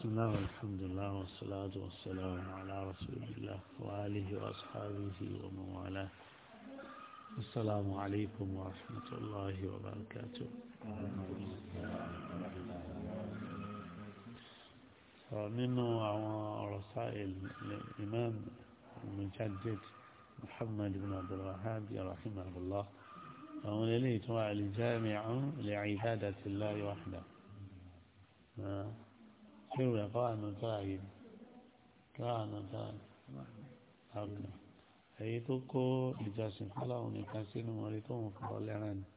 بسم الله والحمد لله والصلاة والسلام على رسول الله وآله وأصحابه ومن والاه السلام عليكم ورحمة الله وبركاته ومن رسائل الإمام المجدد محمد بن عبد الوهاب رحمه الله فهو لليتوى الجامع لعبادة الله وحده tí rẹ̀ kọ́ àánú tọ́ra yìí kọ́ àánú tọ́ra àgùnà èyí tó kó ìjọsìn fọláhùn nìkan sínú orí tó ń fọ lẹ́ràn ni.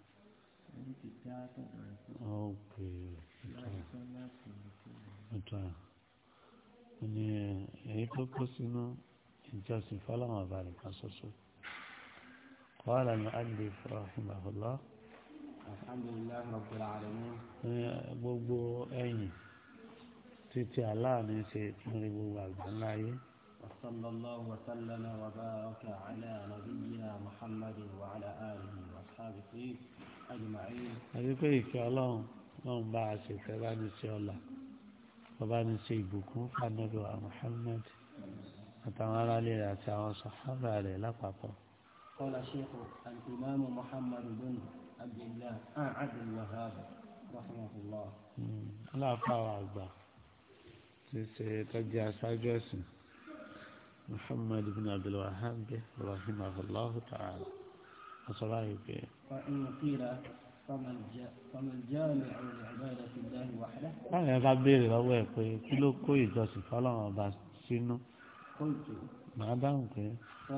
ní èyí tó kó sínú ìjọsìn fọláhùn ọba nìkan ṣoṣo. قال المؤلف رحمه الله الحمد لله رب العالمين gbogbo ẹ̀yìn títí aláàánú ṣe lórí gbogbo àgbáńlá ayé. وصلى الله وسلم وبارك على نبينا محمد وعلى آله وأصحابه أجمعين. àdúgbò ìfẹ́ ọlọ́run ọlọ́run bá a ṣe fẹ́ bá ní ṣe ọ̀la bàbá ní ṣe ìbùkún fàdúrà Muhammad àtàwọn aráàlú rẹ̀ àti àwọn sàhábà rẹ̀ lápapọ̀. قال الشيخ الإمام محمد بن عبد الله عبد الوهاب رحمه الله. لا فاوى ṣíṣe tọ́jú aṣáájú ẹ̀sìn muhammad bin abdul wahab rahimahullah ta'ala asọ́lá yìí pé. báyìí ẹ bá béèrè lọ́wọ́ ẹ̀ pé kí ló kó ìjọsìn fọlọ́run ọba sínú màá dáhùn pé. ẹ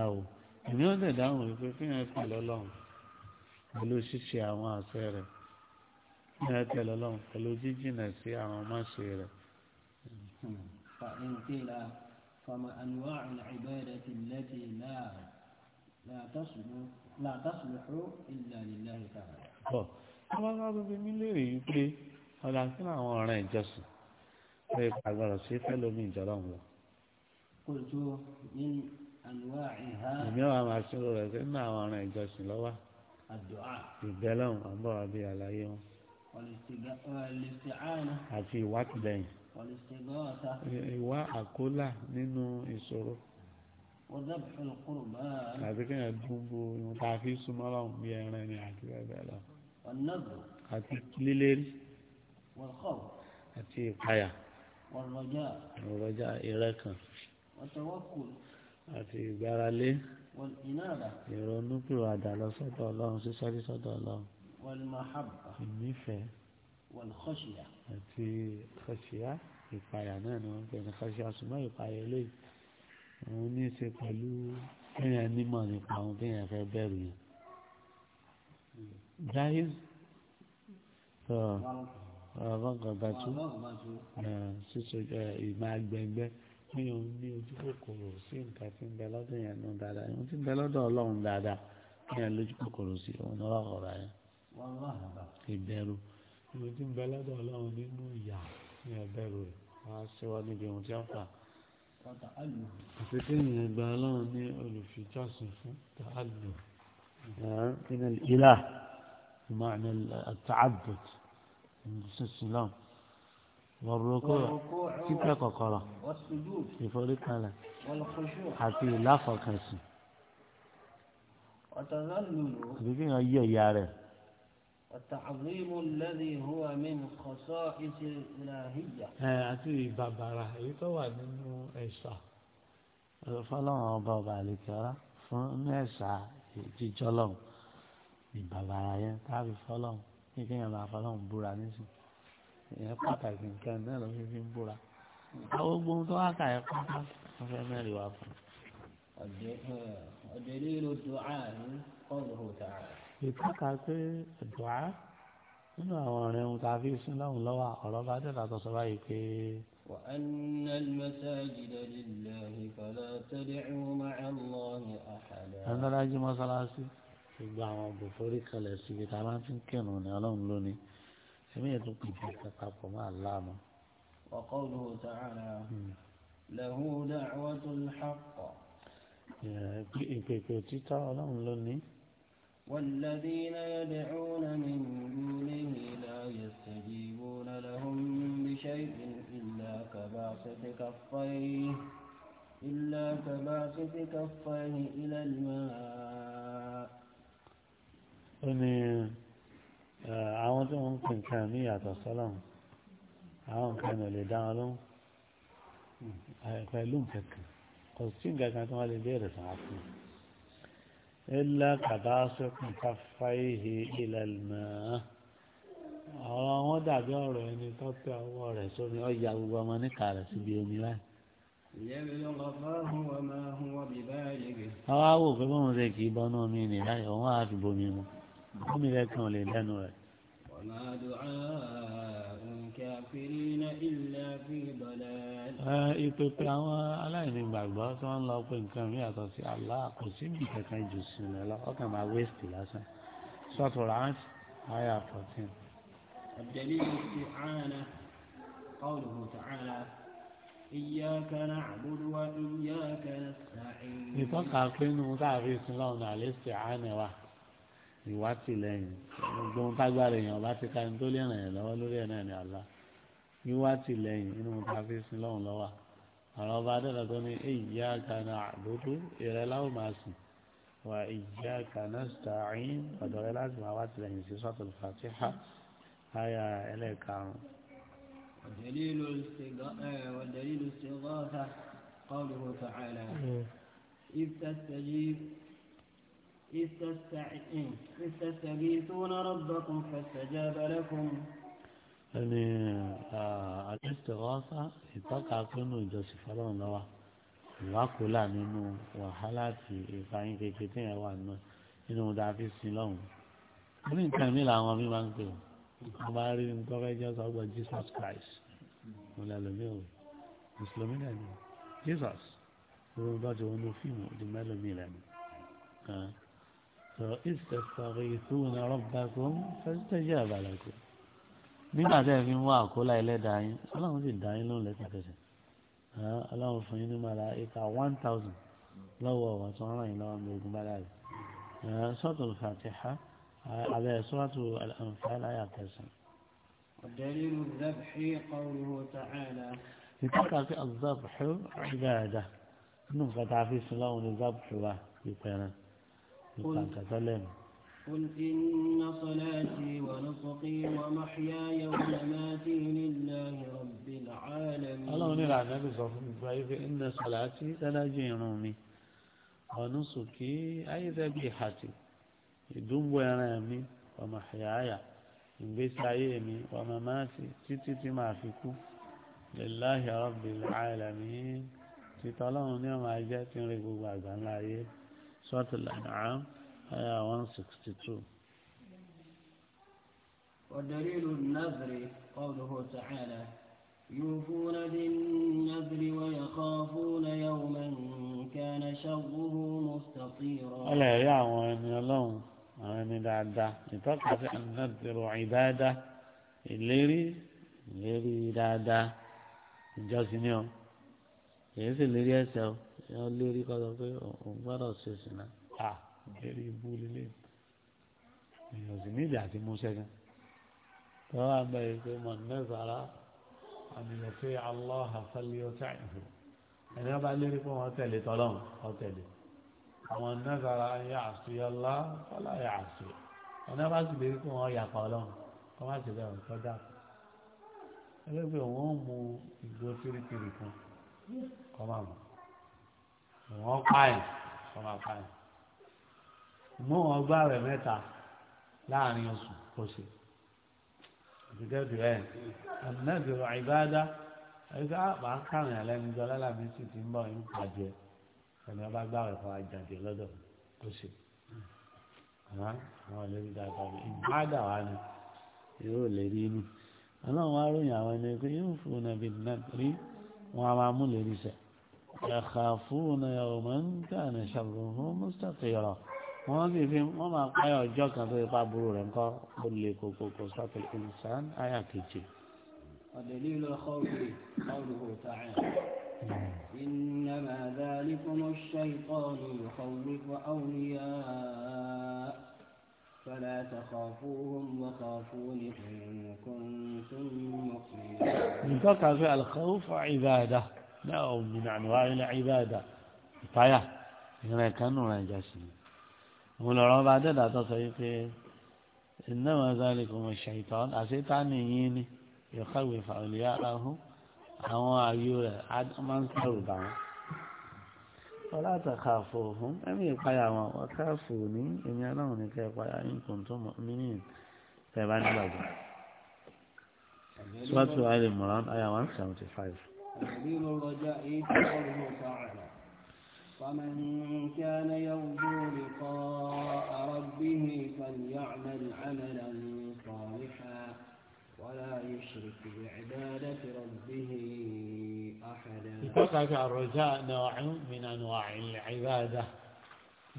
ò èmi ò lè dáhùn wípé kí ẹ pè lọ́lọ́run pẹ̀lú ṣíṣe àwọn àṣẹ rẹ̀ ìrìn tẹ̀lé ọlọ́run pẹ̀lú jíjìnà sí àwọn máṣe rẹ̀. فإن قيل فما أنواع العبادة التي لا لا تصلح لا تصلح إلا لله تعالى. bọ́ ọba náà tó fi mí léèrè yìí pé ọ̀dà kí ni àwọn ọ̀ràn ìjọsìn pé àgbàrọ̀ sí fẹ́lómi ìjọlọ́run lọ. قلت من أنواعها. èmi àwọn àṣírò rẹ̀ sí nínú àwọn ọ̀ràn ìjọsìn lọ́wọ́ ìbẹ́lọ́hùn àbọ̀wá bíi àlàyé wọn. àti ìwákìlẹ́yìn. ìwá àkólà nínú ìṣòro. àti kéèyàn dúró ìwọ̀n tá a fi súnmọ́ lọ́hùn bíi ẹran ni àti bẹ́ẹ̀ lọ. àti lílérí. àti ìpayà. ọ̀rọ̀jà ìrẹ́kàn. àti ìgbáralé ìrònú pìwàdà lọ sọ́dọ̀ ọlọ́run sísọrí sọ́dọ̀ ọlọ́run ìnífẹ̀ẹ́ àti kọṣíà ìpayà náà ni wọ́n ń pè ní kọṣíà ṣùgbọ́n ìpayà eléyìí òun ní í ṣe pẹ̀lú kéèyàn nímọ̀ nípa ohun kéèyàn fẹ́ bẹ̀rù yẹn. jahiz sọ ọ̀rọ̀ bọ́gàbàtú ṣíṣe ìmọ̀ agbẹ̀gbẹ́ mi ò ní ojú kòkòrò sí nǹkan tí ń bẹ lọ́dọ̀ yẹn nù dáadáa ohun tí ń bẹ lọ́dọ̀ ọlọ́run dáadáa kí yẹn lójú kòkòrò sí òun ní ọlọ́run ọ̀rọ̀ yẹn. ìbẹ̀rù ohun tí ń bẹ lọ́dọ̀ ọlọ́run nínú ìyà ní ẹ̀bẹ̀rù rẹ̀ wọ́n á ṣẹ́wọ́ níbi ohun tí wọ́n fà. àtẹ̀tẹ̀ yẹn gba ọlọ́run ní olùfijọ́sìn fún tààlù ìlà ìmọ̀ àtàbùt wọ̀rọ̀kọ́ títẹ̀ kọ̀kọ̀rọ̀ ìforíkalẹ̀ àti ìláfọkànsìn. àbí kí wọ́n yí ẹ̀yà rẹ̀. وتعظيم الذي هو من خصائص الإلهية. àti ìbàbàrà èyí tó wà nínú ẹ̀ṣà fọlọ́run ọba ọba àlekẹ́ra fún mẹ́sà jíjọ́lọ́run ìbàbàrà yẹn tábí fọlọ́run kí kéèyàn máa fọlọ́run búra nísìnyí ìyẹn pàtàkì nǹkan náà ló fi fi ń búra àwọn gbogbo tó wá kà ẹ pátá wọn fẹ́ mẹ́rin wá fún un. ọ̀dẹ̀lẹ́ ló dùn áàrùn kọ́ọ̀rù tààrà. ìtọ́ka pé dùá nínú àwọn ọ̀rẹ́ ohun tá a fi sin lọ́hùn lọ́wọ́ ọ̀rọ̀ bá dẹ̀ látọ̀ sọ báyìí pé. وأن المساجد لله فلا تدعوا مع الله أحدا. أنا لا أجي مصلاتي. يبقى عم بفوري خلاص يبقى ما في كانون ألون لوني èmi yẹn tó kù jù kápapọ̀ máa láàmú. wa qawluhu ta'ala hmm. lahu da'watul haqq. ìpèpè títọ́ ọlọ́run ló ní. والذين يدعون من دونه لا يستجيبون لهم بشيء إلا كباسط كفيه إلا كباسط كفيه إلى الماء nǹkan mí yàtọ̀ sọ́lọ́run àwọn nǹkan mi ò lè dá wọn lóhùn pẹ̀lú nǹkan kan kò sí nǹkan kan tí wọ́n lè béèrè fún wa fún un. إلا كباسط كفيه إلى الماء àwọn ọmọ dàbí ọ̀rọ̀ ẹni tó tẹ ọwọ́ rẹ̀ sómi ọjà gbogbo ọmọ níka rẹ̀ síbi omi láì. àwa wò pé bọ́n ṣe kì í bọ́nú omi nì láì òun á fi bomi mu omi rẹ̀ kan lè lẹ́nu rẹ̀. وما دعاء الكافرين إلا في ضلال ìpèpè àwọn aláìnígbàgbọ́ tí wọ́n ń lọ pé nǹkan mi àtọ̀ sí Allah kò síbi kankan jù sí mi lọ ọkàn máa wéṣítì lásán sọ́tò rántí àyà fourteen. الدليل الاستعانة قوله تعالى إياك نعبد وإياك نستعين. ìtọ́ka pé nínú tá a fi sin lọ́run àlè ṣe àánẹ̀ wa ìwátìlẹ́yìn gbogbo ohun tágbára èèyàn bá ti ka ẹni tó lè ràn yẹn lọ́wọ́ lórí ẹ̀ náà ni àlá ìwátìlẹ́yìn inú ta fi sin lọ́hùn lọ́wọ́ àwọn ọba adẹ́rẹ́ tó ní ìyá kaná àdótó ìrẹ́ láwọn máa sìn wà ìyá kaná sàárín ọ̀dọ̀ rẹ láti máa wátìlẹ́yìn sí sọ́tòlù fàtíhà àyà ẹlẹ́ẹ̀karùn-ún. ودليل الاستغاثة قوله تعالى إذ تستجيب إذ تستغيثون ربكم فاستجاب لكم ẹni àdìsíwọ́sá ìtọ́ka pínu ìjọsìn fọlọ́run lọ́wọ́ ìwákùlà nínú wàhálà àti ìfàyín kékeré tí yẹn wà náà nínú dàbí sin lọ́hùn. ó ní nǹkan mi làwọn mi máa ń pè wọ́n bá rí ní tọ́ka ẹjọ́ sọ́gbọ́ Jesus Christ mo lè lómi òwe mùsùlùmí náà ni Jesus ló ń bá ti wọnú fíìmù ìdí mẹ́lòmí lẹ́nu. إذ تستغيثون ربكم فاستجاب لكم nígbà tẹ́ ẹ fi ń wá àkólá ẹlẹ́dàá yín ọlọ́run sì dá yín lóhùn lẹ́sẹ̀kẹsẹ̀ ọlọ́run fún yín ní màlá ìka one thousand lọ́wọ́ ọ̀wọ́ tó ń ràn yín lọ́wọ́ ní ogun bá dàrí suratul Fatiha abẹ́ suratul Anfal àyà kẹsàn-án. ọ̀dẹ́rìn zabhi qawluhu ta'ala. ìtọ́ka sí azabhu ìgbà ẹ̀dá nínú nǹkan tá a fi sin lọ́wọ́ ní zabhu wa ìpẹ́rẹ́. قل إن صلاتي ونسقي ومحياي ومماتي لله رب العالمين الله نرى النبي صلى الله عليه وسلم إن صلاتي تلاجينوني ونسكي أي ذبيحتي ìdúnbò ẹran mi ọmọ àyàáyà ìgbésí ayé mi ọmọ máàsì títí tí màá fi kú lillahi rabbil alamin títọ́ ọlọ́run ní ọmọ ajẹ́ tí ń rí gbogbo àgbà ńlá ayé. سورة الأنعام آية 162 ودليل النذر قوله تعالى يوفون بالنذر ويخافون يوما كان شره مستطيرا ألا يعوان يلوم أنا دعدا يتوقع النذر عبادة الليري الليري دعدا الجاسين اليوم èyí sì lérí ẹsẹ̀ o èyí ó lérí kọ́ sọ pé òun gbọ́dọ̀ ṣe sí náà à lérí ibú lélẹ̀ èyàn sì ní ìdí àti múṣẹ́ gan tó wà bẹ́ẹ̀ pé mọ̀nẹ́sàrà àmìlẹ̀tẹ́ aláha fẹ́lẹ́ ọ̀tá ìhù ẹni ọba lérí pé wọ́n tẹ̀lé tọ́lọ́m ọ̀tẹ̀lé àwọn nẹ́sàrà yà àṣeyọlá fọlá yà àṣe ẹni ọba sì lérí pé wọ́n yàpá ọlọ́run kọ́ má sì bẹ́ẹ̀ ọ̀tọ́ ẹgbẹ́ pé wọ́n mú ìgbó kirikiri kan kọ́ máa mú wọ́n pààyàn kọ́ máa pààyàn mú wọn gbá rẹ̀ mẹ́ta láàrin oṣù kò sí ìdíkẹ́dù ẹ̀ ànábì ìbáadá ẹgbẹ́ ah, àpá kàrin àlẹ́nu jọ lálàbí sì ti ń bọ̀ ń pàjẹ́ ẹni ọba gbá rẹ̀ fún àjàdé lọ́dọ̀ kò sí àwọn ìlérí dáadáa ìbáadá wa ni yóò lè rí inú ọlọ́run wá ròyìn àwọn ẹni pé yóò fún un nàbì náà rí wọn a máa mú lè rí sẹ́ẹ̀. يخافون يوما كان شره مستطيرا وما sì fi wọ́n máa páyọ̀ ọjọ́ kan tó ipa الانسان rẹ̀ ńkọ́ ودليل الخوف قوله تعالى إنما ذلكم الشيطان يخوف أولياء فلا تخافوهم وخافون إن كنتم مؤمنين. nǹkan kan fi náà min anwa al-ibada ìpáyà ìrìn kan nù rẹ̀ jà sí i òun lọ́rọ́ bá dẹ́dà tó sọ yìí pé innama zalikum ash-shaytan àṣetánì yín ni yukhawwifu awliya'ahu àwọn ayò rẹ̀ máa ń sọ̀rọ̀ bá wọn. ọlá àtàkà fò fún ẹ̀mí ìpáyà wọn ọ̀ká fò ní èmi aláwọn ní kẹ́ ìpáyà in kuntum mu'minin tẹ̀ bá nígbàgbọ́. Suratu Ali Imran àyà one seventy five. تعظيم الرجاء قوله تعالى فمن كان يرجو لقاء ربه فليعمل عملا صالحا ولا يشرك بعبادة ربه أحدا يتوقع الرجاء نوع من أنواع العبادة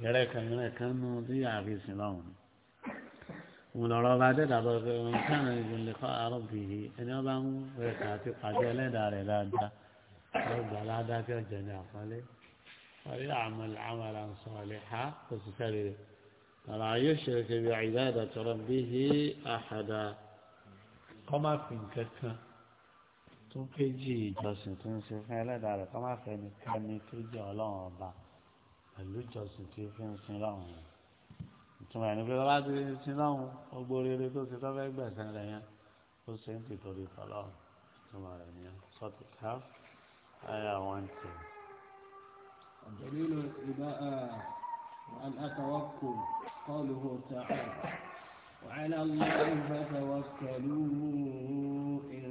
يريك أنك كان مضيع في سلامه òun lọ́rọ̀ bá dé dàbọ̀ pé òun kánà ìgbìnlẹ̀ kọ́ àárọ̀ bì í ẹni ọba ń wẹ̀ kà àti pàdé ẹlẹ́dàá rẹ̀ dáadáa wọ́n gbà ládàá kí ọjà ní àpọ́nlé wọ́n yà àmàlà àmàlà ń sọ àlẹ́ ha kò sì sẹ́rẹ̀ rẹ̀ ọ̀rọ̀ ayé ṣẹlẹ̀ kẹbi àìdá àdàtọ̀rọ̀ bí i àhàdà kọ́ má fi nǹkan kan tó kéjì ìjọsìn tó ń ṣe fún ẹlẹ́dàá rẹ̀ kọ́ má fẹ́ nìkan ní tó jẹ́ ọlọ́run ọba pẹ̀lú ìjọsìn tó fi ń sin ọlọ́run rẹ̀ ìtumọ̀ ẹni pé bá ti sin lọ́hùn gbogbo rere tó ti tọ́ fẹ́ gbẹ̀sẹ̀ rẹ̀ yẹn ó ṣe ń tìtorí tọ́lọ́hùn ìtumọ̀ rẹ̀ yẹn sọ́tù ká ayà wọ́n ti. ọ̀dẹ̀lílò ìbá àtàwọ́kù kọ́ọ̀lù hó tàà وعلى الله فتوكلوا إن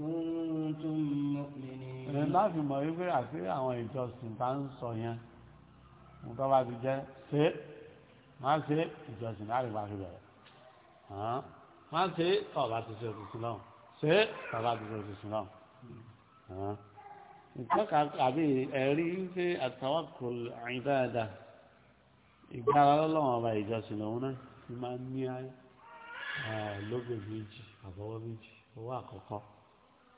كنتم مؤمنين. ẹ láti mọ̀ wípé àti àwọn ìjọsìn tá ń sọ yẹn nǹkan má ṣe ìjọsìn láàrin bá fi bẹ̀rẹ̀ má ṣe ọ̀bá ti ṣe òtútù náà ṣe bàbá ti ṣe òtútù náà nǹkan kàbí ẹ̀rí ṣe àtàwákùl ìbáàdà ìgbára lọ́wọ́ ọba ìjọsìn lòun náà ti máa ń ní lógo méjì àbọ̀wọ́ méjì owó àkọ́kọ́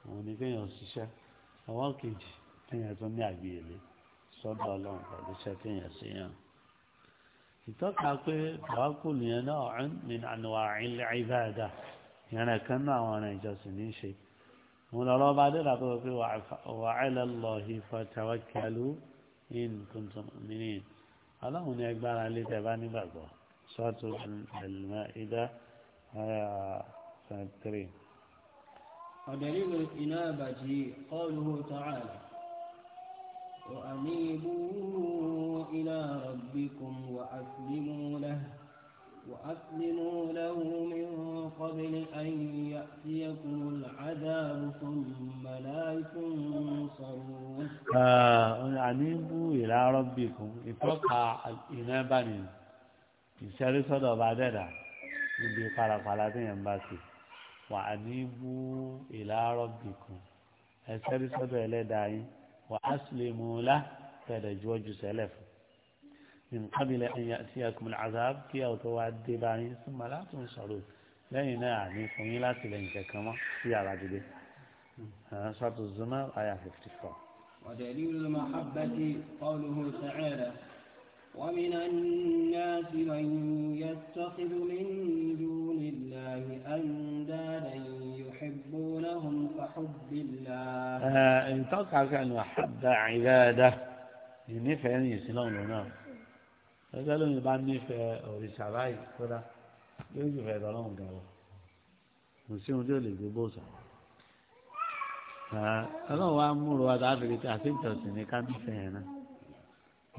òun ni kéèyàn ṣiṣẹ́ ọwọ́ kejì kéèyàn tún ní àgbéyẹ̀lé sọ́dọ̀ ọlọ́run pẹ̀lú iṣẹ́ kéèyàn ṣe yàn ìtọ́ka pé tàwákùlù yẹn náà ọ̀hún ní ànúwà ìlẹ́ẹ̀bàdà yẹn kan náà àwọn ọ̀rìn ìjọsìn ní í ṣe wọn lọ́rọ́ bá dé dàgbà pé wà á lọ lọ ìfọ tàwákàlù in tuntun mìíràn aláwọn ní agbára lé tẹ̀bá nígbàgbọ́ sọ́ọ̀tù ẹ̀lùmọ́ ìdá sàn tírì. ọ̀dẹ̀lẹ́wò ìnáàbàjì ọ̀lùwò tààlà. وأنيبوا إلى ربكم وأسلموا له وأسلموا له من قبل أن يأتيكم العذاب ثم لا تنصرون أنيبوا إلى ربكم اتوقع الإنابة ìṣẹ́rí sọ́dọ̀ ọba dẹ́dà níbi parapara téèyàn bá ṣe wà á ní bú ìlà wà á sì lè mú un lá fẹ̀rẹ̀ ju ọjọ́ sẹ́lẹ̀ fún min qabili an ya'tiyakum al'azab kí ẹ̀ tó wá dé báyìí summa la tunsarun lẹ́yìn náà àní fún yín láti lẹ́yìn kankan mọ́ sí àràdìdé sọ́tò Zumar àyà fifty four. ودليل المحبة قوله تعالى ومن الناس من يتخذ من دون الله أندادا يحبونهم كحب الله آه إن تقع عن حب عبادة ينفع أن يسلون هنا قالوا لي بعد نفع أو يسعبعي كده يوجد في دلهم قالوا مسيهم دول اللي بوسع ọlọ́run wa mú ro adá fi pé àfihàn ní ká nífẹ̀ẹ́ yẹn náà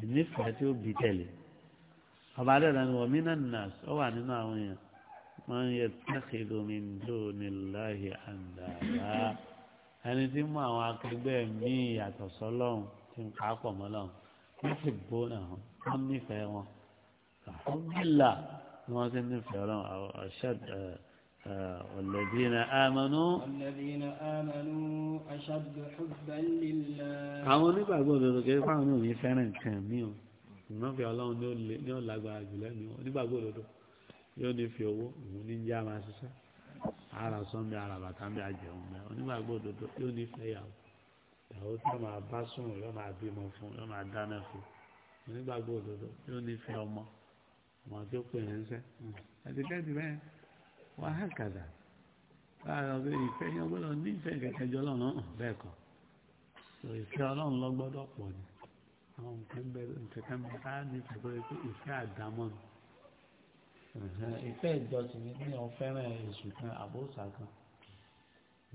ìnífẹ̀ẹ́ tí ó bì tẹ̀lé ọba adẹ́rẹ́ ni wọ́n mí náà nà ọ wà nínú àwọn èèyàn من يتخذ من دون الله dùn láàyè àǹdàlá ẹni tí mú àwọn akẹgbẹ́ míì yàtọ̀ sọ́lọ́hún tí ń pa pọ̀ mọ́ lọ́hún wọ́n sì bó náà wọ́n nífẹ̀ẹ́ wọn àfọ́bílà ni wọ́n ti nífẹ̀ẹ́ ọlọ́run ọ̀ṣẹ́ والذين آمنوا والذين آمنوا أشد حبا لله àwọn onígbàgbọ́ òdodo kìí fáwọn onífẹ́ràn kan mí o ìmọ̀ fi ọlọ́run ní ó lágbára jù lẹ́nu onígbàgbọ́ òdodo yóò ní fi owó òun ní jẹ́ àmà ṣiṣẹ́ ara sọ́nbẹ́ ara bàtà ń bẹ́ àjẹun mẹ́ onígbàgbọ́ òdodo yóò ní fẹ́ yàwó ìyàwó tí wọ́n máa bá sùn yóò máa bímọ fún yóò máa dáná fún onígbàgbọ́ òdodo yóò ní fẹ́ ọmọ ọmọ tí ó pè é ń sẹ́ àti kẹ́tì bẹ́ẹ̀ wọ́n á kàdà láàárọ̀ pé ìfẹ́ yẹn gbọ́dọ̀ ní ìfẹ́ kẹ̀kẹ́ jọ ọlọ́run bẹ́ẹ̀ kọ́ ni àwọn nǹkan bẹ́ẹ̀ nǹkan ìfẹ́ ìjọsìn ní kíni wọ́n fẹ́ràn èṣù kan àbóṣà kan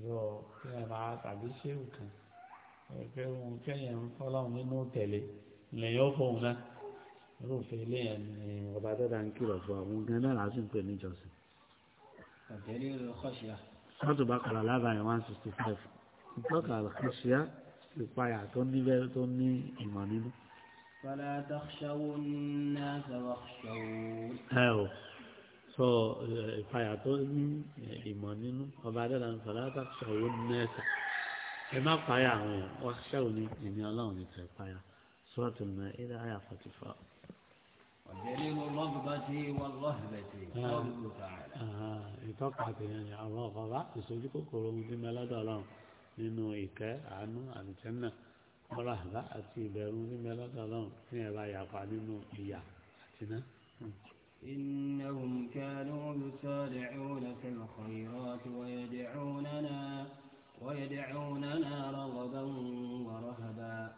yọ kí wọ́n máa tàbí ṣéwù kan pé òun kẹ́yìn ń fọ́láhùn nínú tẹ̀lé lẹ́yìn ọ̀fọ̀ òun náà irúfẹ́ ilé yẹn ni ọba dọ́dà ń kìlọ̀ fún àwọn gan náà láti ń pè ní ìjọsìn. sọ́ọ̀tù bá kọ̀ọ̀lá lábàáyé one sixty five ìtọ́ka àkọsíá ìpayà tó ní bẹ́ẹ̀ tó ní ìmọ̀ nínú. fọlá tó ṣàwọn náà sọ eh, ìfàyà tó ní eh, ìmọ̀ nínú ọba adẹ́dà ń sọ̀rọ̀ láti ṣàwọn nẹ́ẹ̀sà ẹ má páyà àwọn èèyàn wá ṣẹ́wọ̀n ní ẹ̀mí ọlọ́run ní tẹ̀ páyà sọ́ọ̀tù ní ilé àyà forty four. ọ̀jẹ̀lẹ́wò lọ́gbọ̀bọ̀tì wà lọ́hìbẹ̀tì lọ́gbọ̀bọ̀ ah, tààrà. Ah, ìtọ́ka àtẹ̀yẹn ni àwọn ọ̀kọ̀ọ̀bá ìṣojú kòkòrò ohun tí mẹ́lọ́dọ̀ ọlọ́run nínú ìkẹ́ àánú àlùjànnà mọ́ràhàbá àti ìbẹ̀rù ní mẹ́lọ́dọ̀ ọlọ́run ní ẹ̀rọ àyàpá nínú ìyà àtiná. إنهم كانوا يسارعون في الخيرات ويدعوننا ويدعوننا رغبا ورهبا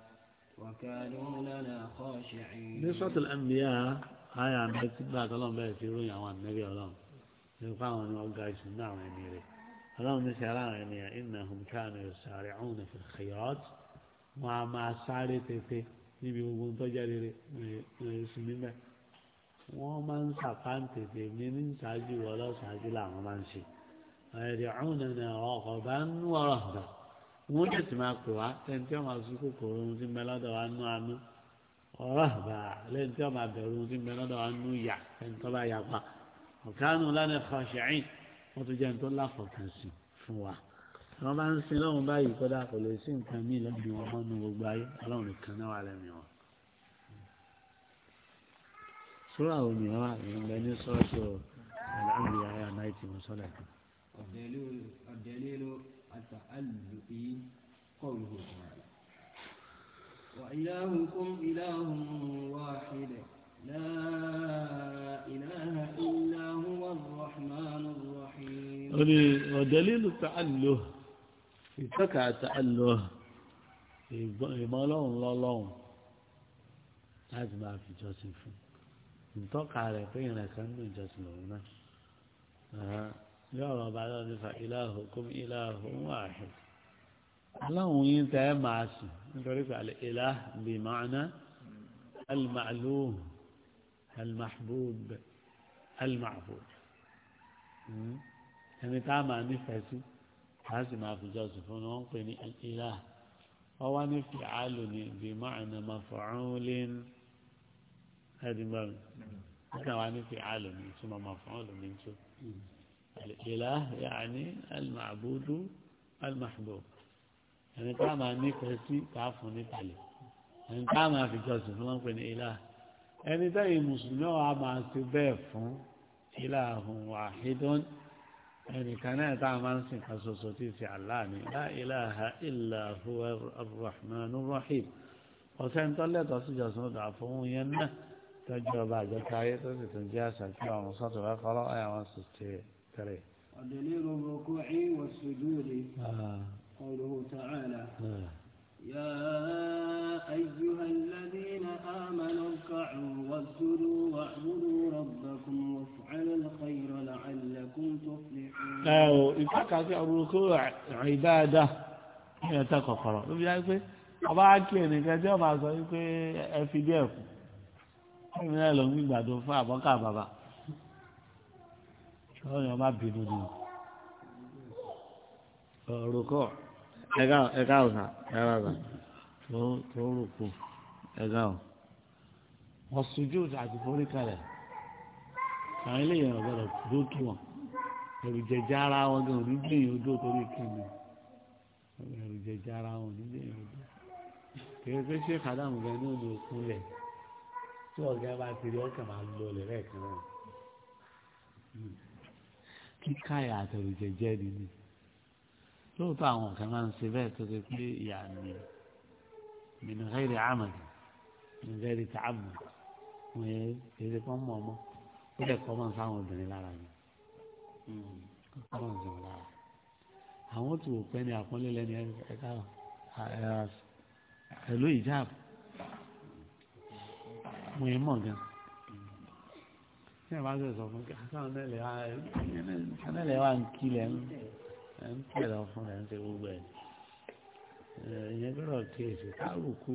وكانوا لنا خاشعين نصرة الأنبياء هاي عم بتبع الله بيت يا عوان النبي الله يقاموا أن أوقع يسمعوا أميري الله نسيران الله إنهم كانوا يسارعون في الخيرات ومع ساري تيتي نبي وقوم تجاري ويسمين wọ́n máa ń sàkáǹtì tèmi ní ṣáájú ọlọ́ṣáájú làwọn máa ń ṣe ẹ̀dẹ̀rún nínú ẹ̀rọ ọkọ̀ bá ń wọ̀rọ̀ ọ̀dọ̀ wọ́n dẹ̀ sì máa pè wá lẹ́yìn tí wọ́n máa sún kòkòrò ohun tí ń bẹ lọ́dọ̀ wa nú anú ọ̀rọ̀ àbá lẹ́yìn tí wọ́n máa bẹ̀rù ohun tí ń bẹ lọ́dọ̀ wa nú yà lẹ́yìn tó bá yà pa ọ̀kánù lánàá kọ̀ọ̀ṣẹ̀yìn wọ́n tún jẹ́ ní tó láfọ̀kànsìn fún wa súrà òmìnira ìgbẹ ní sọ́ọ̀tù aláàbí ayé anáìtì mọ́sálà kan. ọ̀dẹ̀lẹ́lò àtàlùfẹ́ قوله تعالى وإلهكم إله واحد لا إله إلا هو الرحمن الرحيم ودليل التأله ìtọ́ka àtàlọ́ ìmọ̀ ọlọ́run láti máa fi jọ́sìn fún un ntọ́ka rẹ̀ pé ìrìn kan ní ìjọsìn lòun náà ní ọ̀rọ̀ ọba náà ní fa ìlàhùn kó mi ìlàhùn wà áhì aláwọn yín tẹ́ ẹ máa sùn nítorí pé àlè ìlà bí màánà almàlúù almahbub almahbub hmm. ẹni tá a máa nífẹ̀ẹ́ sí a sì máa fi jọsìn fún wọn pè ní ìlà wọ́n wá ní fi bí màánà maf'ulin ẹ̀dínwó mi nígbà wa ní fi àlò mi ìtumọ̀ máa fún ọ̀lọ́ mi tó ìlà yaani alimabudu alimahbub ẹni tá a máa nífẹ̀ẹ́ sí tá a fún ní tàlẹ̀ ẹni tá a máa fi jọ́sìn fún wọn pè ní ìlà ẹni táyì mùsùlùmí wa máa ṣe bẹ́ẹ̀ fún ìlà ahùn wàhídọ́n ẹnìkan náà tá a máa ń sìn kan ṣoṣo tí ì ṣe Allah ni la ilaha illa huwa ar-rahmanur rahim ọ̀sẹ̀ ń tọ́lẹ̀ tọ́sí jọ́sìn ọ̀dà fún yẹn náà. تجوا بعد ذكاية تنجاسا كما مصدر قراءة كريم ودليل الركوع والسجود آه. قوله تعالى آه. يا أيها الذين آمنوا اركعوا واسجدوا واعبدوا ربكم وافعلوا الخير لعلكم تفلحون يفكر في الركوع عبادة هي تقوى قراءة ọba akíyàn nìkan jẹ́ ọba sọ wípé ẹ̀mí náà ló ń tó fún àbọ́kà bàbá ṣọ́ọ́ ni wọ́n bá bínú ni ọ̀rọ̀ kọ́ ẹ̀ka ọ̀sà ẹ̀ka ọ̀sà tó rò kù ẹ̀ka ọ̀ wọ́n sojú àti forí kalẹ̀ àwọn eléyìí ọ̀rọ̀ gbọ́dọ̀ dókì wọn èròjẹjẹ ara wọn gan onígbìyànjú odó torí kíni èròjẹjẹ ara wọn onígbìyànjú odó kèrè pé ṣé kàdámù gan ní òde òkun lẹ̀ tí ọ̀gá bá ti rí ọkàn máa lọ lẹ̀ lẹ́ẹ̀kan náà kíkà ẹ̀ àtẹ̀rù jẹjẹ nìyí lóòótọ́ àwọn kan máa ń ṣe bẹ́ẹ̀ tó ṣe pé ìyá mi min ghairi amal min ghairi ta'ammud wọ́n yẹ kéde kọ́ mọ̀ ọmọ ó lè kọ́ máa ń sáwọn obìnrin lára mi kọ́ máa ń sọ̀rọ̀ lára àwọn tó pẹ́ ni àpọ́nlé lẹ́ni ẹ̀ka ẹ̀lú ìjáàbù mo yẹn mọ̀ gan ní ẹ̀ bá ń sọ fún kí káwọn ẹlẹ́ wa ń kílẹ̀ ń tẹ̀lọ fún ẹ̀ ń ṣe gbogbo ẹ̀ ìyẹn gbọ́dọ̀ kíyèsí káàrò kú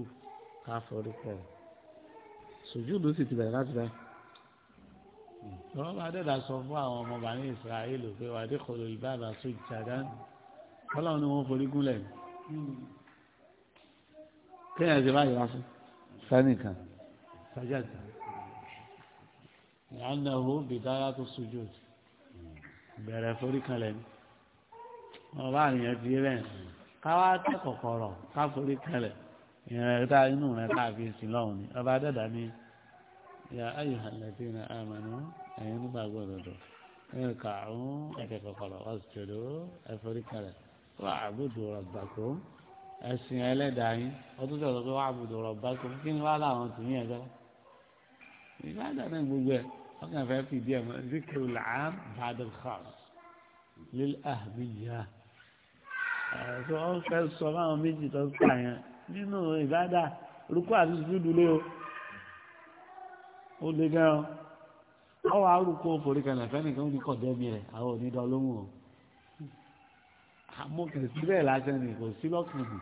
ká forí pẹ̀ sòjú ló sì ti bẹ̀rẹ̀ láti bẹ̀. ìrọ̀lá dẹ́dà sọ fún àwọn ọmọ bàní Israẹli pé wà á dé kọlọ ìbáàbà sọ ìjàdá ọlọ́run ni wọ́n forí gúnlẹ̀ kéèyàn ti bá yọ wá fún sẹ́nìkan. سجد لأنه بداية السجود بيرفوري كلام ọba àníyàn ti rẹ̀ káwá kẹ́kọ̀ọ́kọ̀rọ̀ káforí kẹlẹ̀ ìrìn ẹ̀ta inú rẹ̀ káàfi sí lọ́hùn ni ọba dẹ́dà ni ya ayé hàlẹ́tì ní àmàlú ẹ̀yìn nígbàgbọ́ òdodo ẹ̀yìn kàrún ẹ̀kẹ́kọ̀ọ́kọ̀rọ̀ ọ̀sìtẹ̀dọ̀ ẹ̀forí kẹlẹ̀ wà àbùdù rọ̀bàkó ẹ̀sìn ẹlẹ́dàá yín ọdún tó lọ pé wà àbùdù rọ̀bàkó kí ni wàá láwọn tì ìbáàdà náà gbogbo ẹ̀ wọ́n kàn fẹ́ fìdí ẹ̀ mọ́ zikiru làám bàdàn khas lil ahmiya ẹ̀sọ́ wọn fẹ́ sọ fáwọn méjì tó ń kà yẹn nínú ìbáàdà rúkú àti sùdù lé o ó lé gan o ọwọ́ arúgbó forí kan lẹ̀fẹ́ nìkan ní kọ̀dẹ́mi rẹ̀ àwọn onídọ́ lóhùn o àmọ́ kẹ̀síbẹ̀ lásán ni kò sí lọ́kùnrin.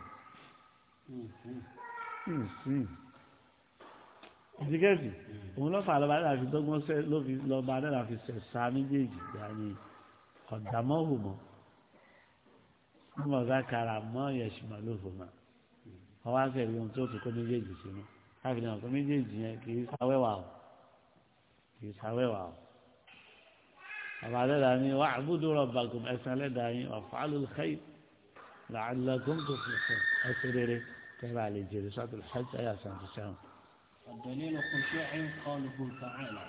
Hmm, hmm. Hmm, ìdíkẹ́sì òun lọ́fà lọ́ba náà fi dọ́gbọ́n sẹ́ ló fi lọ́ba náà fi sẹ̀ sá méjèèjì yanni ọ̀dàmọ́hù mọ́ mọ́mọ́gá kara mọ́ yẹ̀sùmọ́ ló fò mọ́ ọwọ́ akẹ́rì ohun tó fi kó méjèèjì sínú láti náà kó méjèèjì yẹn kì í sáwẹ́wà o kì í sáwẹ́wà o ọba lẹ́dà ni wà ábúdó rọ̀bà kùm ẹ̀sán lẹ́dà yín ọ̀fà الدليل خشوع قوله تعالى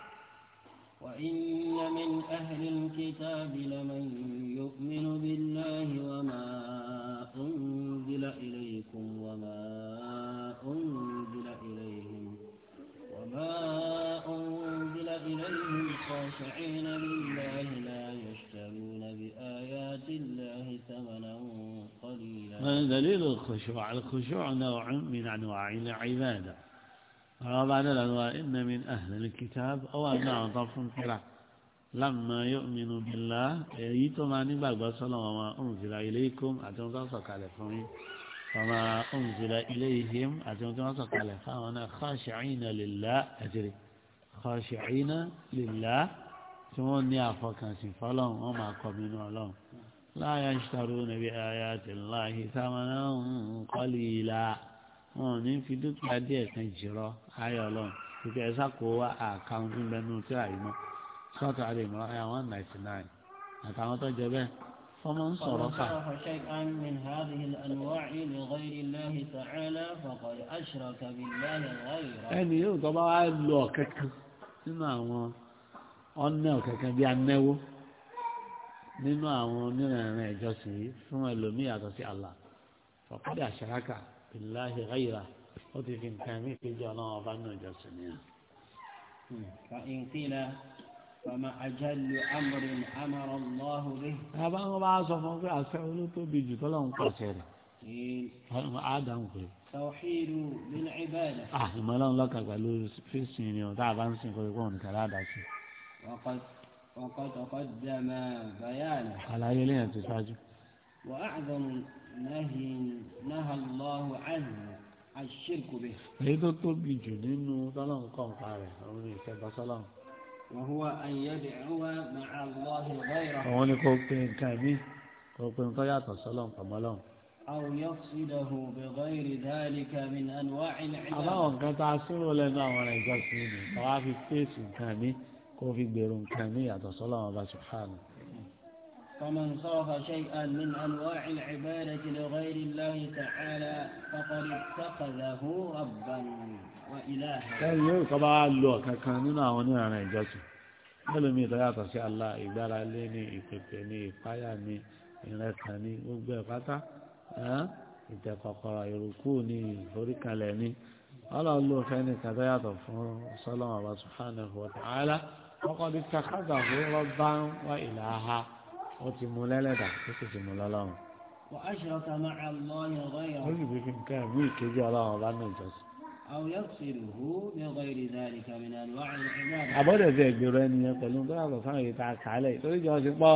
وإن من أهل الكتاب لمن يؤمن بالله وما أنزل إليكم وما أنزل إليهم وما أنزل إليهم خاشعين لله لا يشترون بآيات الله ثمنا قليلا هذا دليل الخشوع الخشوع نوع من أنواع العبادة فوضعنا الأنواع إن من أهل الكتاب أو أن أعطف حرة لما يؤمن بالله يريتم أن يبقى صلى وما أنزل إليكم أتم تصك على فمي وما أنزل إليهم أتم تصك على فمنا خاشعين لله أجري خاشعين لله ثم نعفوك سنفلهم وما قبلوا لهم لا يشترون بآيات الله ثمنا قليلا wọn ò ní fi dúkìá díẹ̀ kan jìrọ ayé ọlọ́run ìgbà ẹ̀sà kó wá àkáǹtì bẹnu tí àyè mọ́ sọ́ọ̀tù àlè mọ́ ẹ̀ one ninety nine àtàwọn tó jẹ bẹ́ẹ̀ fọmọ ń sọ̀rọ̀ fà. ẹni yóò tọ́ bá wá lọ ọ̀kẹ́kẹ́ nínú àwọn ọ̀nà ọ̀kẹ́kẹ́ bíi anẹ́wó nínú àwọn onírìnrìn ìjọsìn yìí fún ẹlòmíì sí Allah fọ̀kọ́dà ṣàrákà billahi ghayra ó ti fi nǹkan mí kejì ọlọ́run ọba náà jọ sí ni. fàìǹkìlà hmm. fama ajalu amrin amara allahu bi. bàbá wọn bá sọ fún pé àṣẹ olótóbi jù tọ́lọ̀ ń pàṣẹ rẹ̀. ádámù pé. tawhidu bil ibada. ah ìmọ̀lọ́run lọ́kàn pẹ̀lú fèsì ni ọ̀ tá a bá ń sìn kọ́ ikú òun nìkan ládàá sí. wọ́n kọ́ tọkọ jẹ́ mẹ́ bàyà rẹ̀. àlàyé lẹ́yìn ti ṣáájú. wọ́n á náà lọ́wọ́ àìní àṣírkù bẹ́ẹ̀. èyí tó tóbi jù nínú tọ́lọ́n kọ̀ǹpa rẹ̀ òun ìṣẹ̀bọ sọ́lọ́n. wàhùwà àyẹ̀dẹ̀ ẹ̀wà màá lọ́hìn báyìí. àwọn ni kò pe nǹkan mi kò pe nǹkan yàtọ̀ sọ́lọ́n pàmọ́lọ́n. أو يقصده بغير ذلك من أنواع العبادة أباهم كانت عسلوا لنا وانا إجاسيني وعافي فيس كامي كوفي بيرون كامي أتصلى الله سبحانه فمن صرف شيئا من أنواع العبادة لغير الله تعالى فقد اتخذه ربا وإلها كان يقبع الله كان هنا هنا أنا إجاسي ẹlòmíì tó yàtọ̀ sí Allah ìgbára lé ní ìpèpè ní ìpáyà ní ìrẹ́kàn ní gbogbo ìpátá ìtẹ̀kọ̀kọ̀rọ̀ ìrùkú ní ìforíkalẹ̀ ní ọlọ́ọ̀lù fẹ́ni kan tó yàtọ̀ fún sọlọ́mọ̀ subhanahu wa ta'ala wọ́n kọ́ di takádà fún rọ́bà wa ilaha. ó ti mú lẹ́lẹ́dà ó sì ti mú lọ́lọ́run. ó sì fi nǹkan ẹ̀mí ìkejì ọlọ́run ọba ní ìjọsìn. àbọ̀dẹ̀ ti ẹ̀gbẹ̀rọ ẹnìyẹn pẹ̀lú tó yàtọ̀ sáwọn èyí tá a kà á lẹ̀ torí jọ ti pọ̀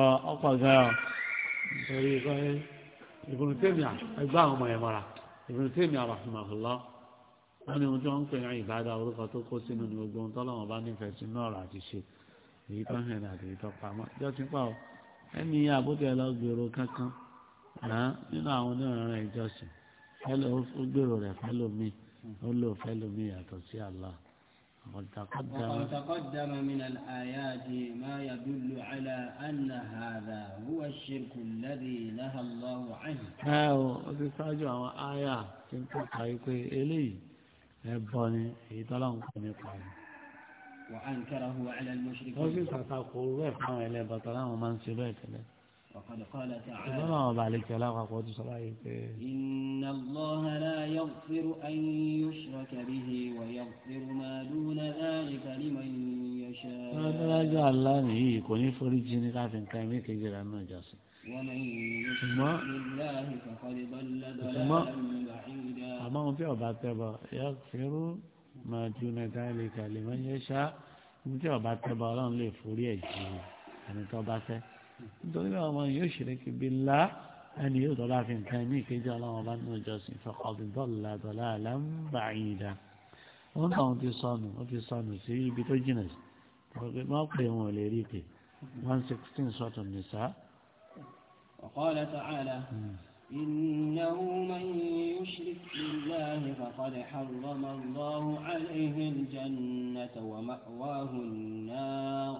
o ọ̀pọ̀ gan-an torí ìbùrù tèmi ẹgbẹ́ àwọn ọmọ yẹn mọ́ra ìbùrù tèmi wọn ni wọn tí wọn ń pè ní ìbádà orúkọ tó kó sínú ni gbogbo ohun tọ́lọ́wọ́n bá nífẹ̀ẹ́ sínú ọ̀rọ̀ àti ṣe. èyí tó hẹ̀rẹ̀ àti èyí tó pamọ́ jọ́ ti pa ọ ẹni àbúté ẹ lọ gbèrò kankan nínú àwọn onírànràn ìjọsìn fẹlẹ ó gbèrò rẹ fẹlẹ omi ó lò fẹlẹ omi yàtọ̀ sí من الآيات ما يدل على أن هذا هو الشرك الذي نهى الله عنه. أو تساجع آية وأنكره على المشركين وجد تقول كيف ما إلى بطلان ومن سبيت له وقد قال تعالى الله عليك لا قوة إن الله لا يغفر أن يشرك به ويغفر ما دون ذلك لمن يشاء هذا رجع الله نهي كوني فريجيني كافين كامي كجر أنه جاسي ومن يشرك بالله فقد ضل ضلالا بعيدا أما في أباتبا يغفر máa ju nẹ́ta lè kàlẹ́ wọ́n yẹ ṣá ní tí ọba tẹ́ba ọlọ́run lè forí ẹ̀ ju ẹni tó bá fẹ́ nítorí bá ọmọ yóò ṣeré kíbi ńlá ẹni yóò tọ́ bá fi nǹkan ní ìkejì ọlọ́run ọba nínú ìjọsìn fọkàndín dọ́là dọ́là àlámbàáyìndà wọ́n náà ti sọnù ó ti sọnù sí ibi tó jìnà sí wọ́n pè wọn lè rí pé one sixteen sọ́tún nìṣá. ọ̀kọ́ إنه من يشرك بالله فقد حرم الله عليه الجنة ومأواه النار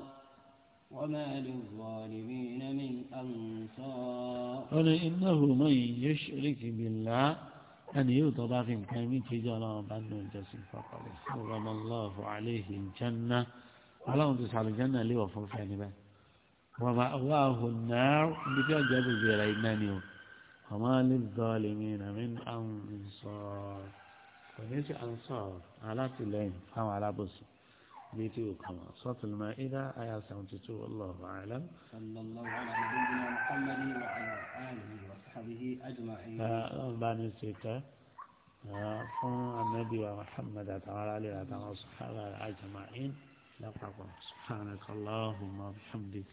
وما للظالمين من أنصار قال إنه من يشرك بالله أن يوضع في مكامين في جلال بأنه جسم فقد حرم الله عليه الجنة على أن تسعى الجنة لوفر وفر ومأواه النار بجانب بغير إيمانه فما للظالمين من أنصار فنيت أنصار على تلين فهم على بص بيتي وكما صوت المائدة آية 72 والله أعلم صلى الله على نبينا محمد وعلى آله وصحبه أجمعين بني سيكا فهم النبي ومحمد تعالى عليه وعلى الصحابة أجمعين لقد سبحانك اللهم وبحمدك